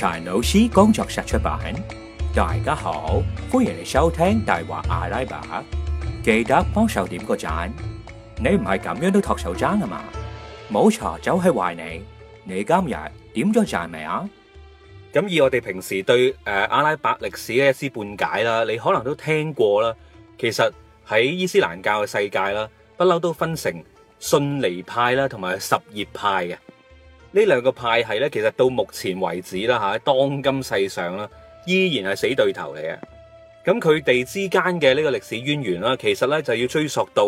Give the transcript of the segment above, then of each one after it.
柴老師工作室出版，大家好，歡迎收聽《大話阿拉伯》。記得幫手點個讚，你唔係咁樣都托手踭啊嘛？冇錯，就係壞你。你今日點咗讚未啊？咁以我哋平時對誒阿拉伯歷史一知半解啦，你可能都聽過啦。其實喺伊斯蘭教嘅世界啦，不嬲都分成遜尼派啦，同埋什葉派嘅。呢兩個派系咧，其實到目前為止啦吓，喺當今世上啦，依然係死對頭嚟嘅。咁佢哋之間嘅呢個歷史淵源啦，其實咧就要追溯到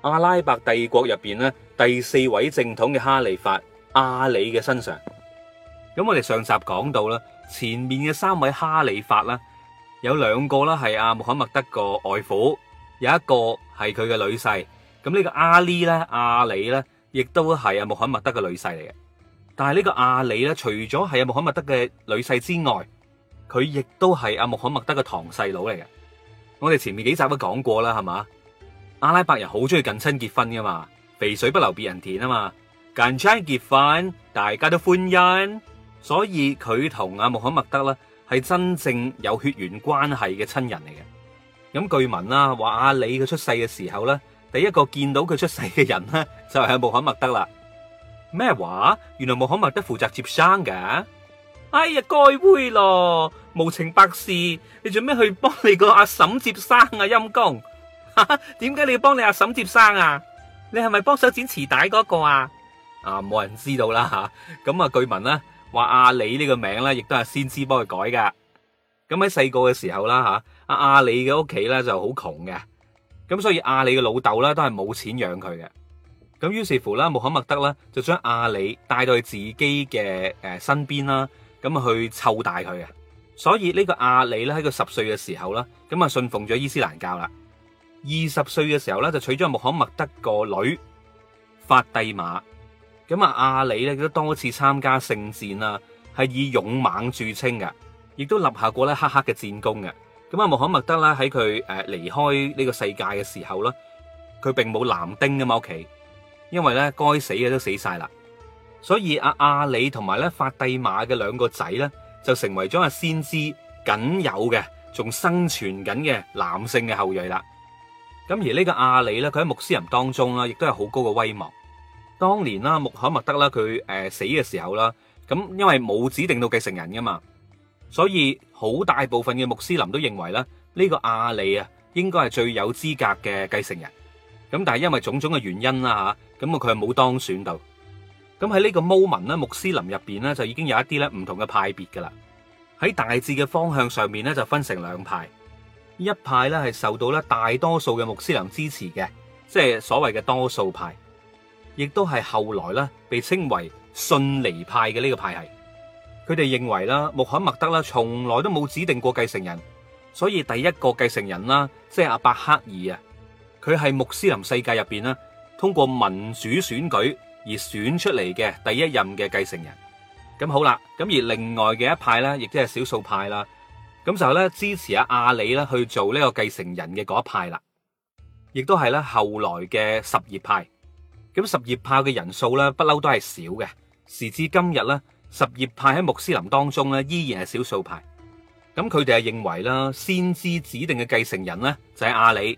阿拉伯帝國入邊咧第四位正統嘅哈里發阿里嘅身上。咁我哋上集講到啦，前面嘅三位哈里發啦，有兩個啦係阿穆罕默德個外父，有一個係佢嘅女婿。咁呢個阿里咧，阿里咧，亦都係阿穆罕默德嘅女婿嚟嘅。但係呢個阿里咧，除咗係阿穆罕默德嘅女婿之外，佢亦都係阿穆罕默德嘅堂細佬嚟嘅。我哋前面幾集都講過啦，係嘛？阿拉伯人好中意近親結婚噶嘛，肥水不流別人田啊嘛，近親結婚大家都歡欣，所以佢同阿穆罕默德咧係真正有血緣關係嘅親人嚟嘅。咁據聞啦，話阿里佢出世嘅時候咧，第一個見到佢出世嘅人咧就係阿穆罕默德啦。咩話？原來穆罕默德負責接生㗎？哎呀，該會咯，無情白事。你做咩去幫你個阿嬸接生啊？陰公，點解你要幫你阿嬸接生啊？你係咪幫手剪臍帶嗰個啊？啊，冇人知道啦吓。咁啊，據聞啦，話阿里呢個名咧，亦都係先知幫佢改噶。咁喺細個嘅時候啦吓，阿阿里嘅屋企咧就好窮嘅，咁所以阿里嘅老豆咧都係冇錢養佢嘅。咁於是乎啦，穆罕默德啦就將阿里帶到佢自己嘅誒身邊啦，咁啊去湊大佢。所以呢個阿里咧喺佢十歲嘅時候啦，咁啊信奉咗伊斯蘭教啦。二十歲嘅時候咧就娶咗穆罕默德個女法蒂瑪。咁啊阿里咧都多次參加聖戰啦，係以勇猛著稱嘅，亦都立下過咧黑黑嘅戰功嘅。咁啊穆罕默德啦喺佢誒離開呢個世界嘅時候啦，佢並冇男丁嘛，屋企。因為咧該死嘅都死晒啦，所以阿阿里同埋咧法蒂瑪嘅兩個仔咧就成為咗阿先知僅有嘅仲生存緊嘅男性嘅後裔啦。咁而呢個阿里咧，佢喺穆斯林當中啦，亦都有好高嘅威望。當年啦，穆罕默德啦，佢誒死嘅時候啦，咁因為冇指定到繼承人㗎嘛，所以好大部分嘅穆斯林都認為咧呢個阿里啊應該係最有資格嘅繼承人。咁但係因為種種嘅原因啦吓。咁啊，佢係冇當選到。咁喺呢個穆民咧、穆斯林入面咧，就已經有一啲咧唔同嘅派別噶啦。喺大致嘅方向上面咧，就分成兩派。一派咧係受到咧大多數嘅穆斯林支持嘅，即係所謂嘅多數派，亦都係後來咧被稱為遜尼派嘅呢個派系。佢哋認為啦，穆罕默德啦，從來都冇指定過繼承人，所以第一個繼承人啦，即係阿伯克爾啊，佢係穆斯林世界入面啦。通過民主選舉而選出嚟嘅第一任嘅繼承人，咁好啦，咁而另外嘅一派咧，亦都係少數派啦，咁就係咧支持阿阿里咧去做呢個繼承人嘅嗰一派啦，亦都係咧後來嘅什葉派。咁什葉派嘅人數咧，不嬲都係少嘅。時至今日咧，什葉派喺穆斯林當中咧，依然係少數派。咁佢哋係認為啦，先知指定嘅繼承人咧，就係阿里。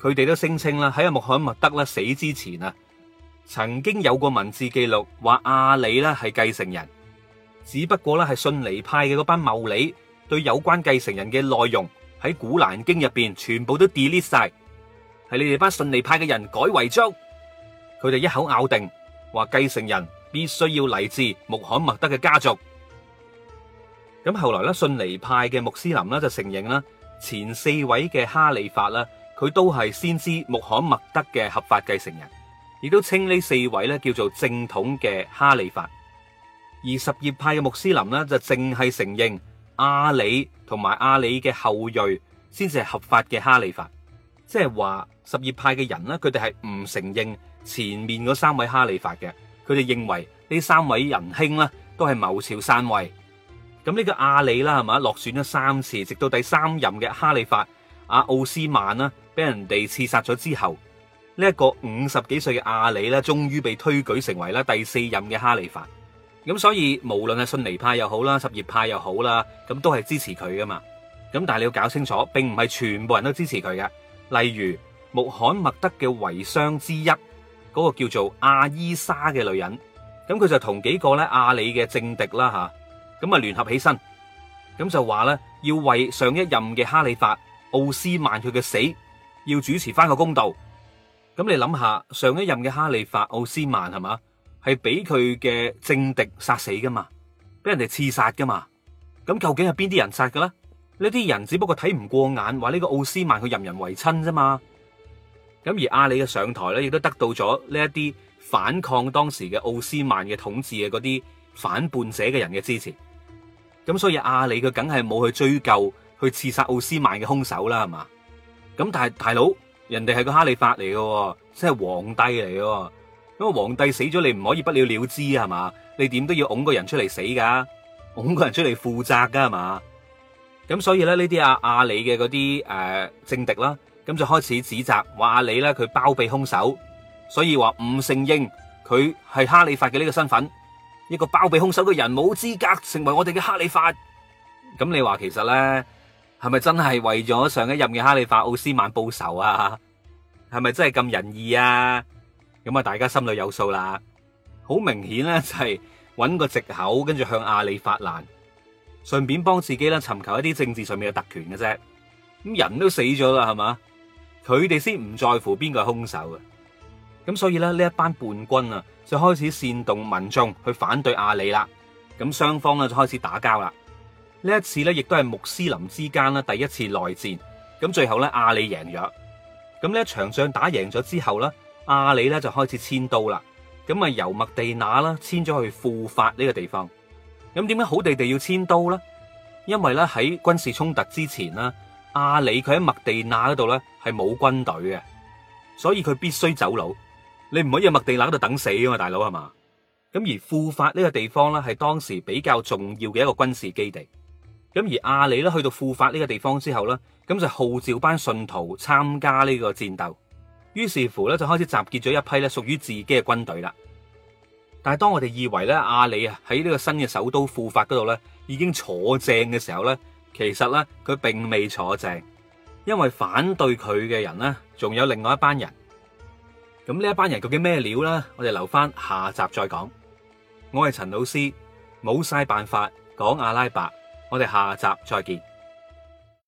佢哋都聲稱啦，喺阿穆罕默德咧死之前啊，曾經有過文字記錄話阿里咧係繼承人，只不過咧係遜尼派嘅班牟里對有關繼承人嘅內容喺古蘭經入邊全部都 delete 晒，係你哋班遜尼派嘅人改為宗，佢哋一口咬定話繼承人必須要嚟自穆罕默德嘅家族。咁後來咧遜尼派嘅穆斯林就承認啦，前四位嘅哈里發。啦。佢都係先知穆罕默德嘅合法繼承人，亦都稱呢四位咧叫做正統嘅哈里發。而什葉派嘅穆斯林呢，就淨係承認阿里同埋阿里嘅後裔先至係合法嘅哈里發。即係話什葉派嘅人呢，佢哋係唔承認前面嗰三位哈里發嘅，佢哋認為呢三位仁兄呢，都係謀朝篡位。咁呢個阿里啦，係咪落選咗三次，直到第三任嘅哈里發，阿奧斯曼啦。俾人哋刺殺咗之後，呢、這、一個五十幾歲嘅阿里咧，終於被推舉成為第四任嘅哈里發。咁所以無論係遜尼派又好啦，什葉派又好啦，咁都係支持佢噶嘛。咁但係你要搞清楚，並唔係全部人都支持佢嘅。例如穆罕默德嘅遺孀之一，嗰、那個叫做阿伊莎嘅女人，咁佢就同幾個咧阿里嘅政敵啦吓，咁啊聯合起身，咁就話咧要為上一任嘅哈里發奧斯曼佢嘅死。要主持翻個公道，咁你諗下，上一任嘅哈里發奧斯曼係嘛，係俾佢嘅政敵殺死噶嘛，俾人哋刺殺噶嘛，咁究竟係邊啲人殺噶咧？呢啲人只不過睇唔過眼，話呢個奧斯曼佢任人唯親啫嘛，咁而阿里嘅上台咧，亦都得到咗呢一啲反抗當時嘅奧斯曼嘅統治嘅嗰啲反叛者嘅人嘅支持，咁所以阿里佢梗係冇去追究去刺殺奧斯曼嘅凶手啦，係嘛？咁但係大佬，人哋係個哈里發嚟嘅，即係皇帝嚟嘅喎。因為皇帝死咗，你唔可以不了了之係嘛？你點都要拱個人出嚟死噶，拱個人出嚟負責噶係嘛？咁所以咧，呢啲阿阿里嘅嗰啲誒政敵啦，咁就開始指責話阿里咧佢包庇凶手，所以話唔承認佢係哈里發嘅呢個身份，一個包庇凶手嘅人冇資格成為我哋嘅哈里發。咁你話其實咧？係咪真係為咗上一任嘅哈里發奧斯曼報仇啊？係咪真係咁仁義啊？咁啊，大家心裏有數啦。好明顯咧，就係揾個藉口，跟住向阿里發難，順便幫自己咧尋求一啲政治上面嘅特權嘅啫。咁人都死咗啦，係嘛？佢哋先唔在乎邊個係兇手啊。咁所以咧，呢一班叛軍啊，就開始煽動民眾去反對阿里啦。咁雙方咧就開始打交啦。呢一次咧，亦都係穆斯林之間咧第一次內戰。咁最後咧，阿里贏咗。咁呢一場仗打贏咗之後咧，阿里咧就開始遷都啦。咁啊，由麥地那啦遷咗去庫法呢個地方。咁點解好地地要遷都咧？因為咧喺軍事衝突之前呢，阿里佢喺麥地那嗰度咧係冇軍隊嘅，所以佢必須走佬。你唔可以喺麥地那嗰度等死啊嘛，大佬係嘛？咁而庫法呢個地方咧，係當時比較重要嘅一個軍事基地。咁而阿里咧去到庫法呢個地方之後咧，咁就號召班信徒參加呢個戰鬥。於是乎咧，就開始集結咗一批咧屬於自己嘅軍隊啦。但係當我哋以為咧阿里啊喺呢個新嘅首都庫法嗰度咧已經坐正嘅時候咧，其實咧佢並未坐正，因為反對佢嘅人呢仲有另外一班人。咁呢一班人究竟咩料咧？我哋留翻下集再講。我係陳老師，冇晒辦法講阿拉伯。我哋下集再見。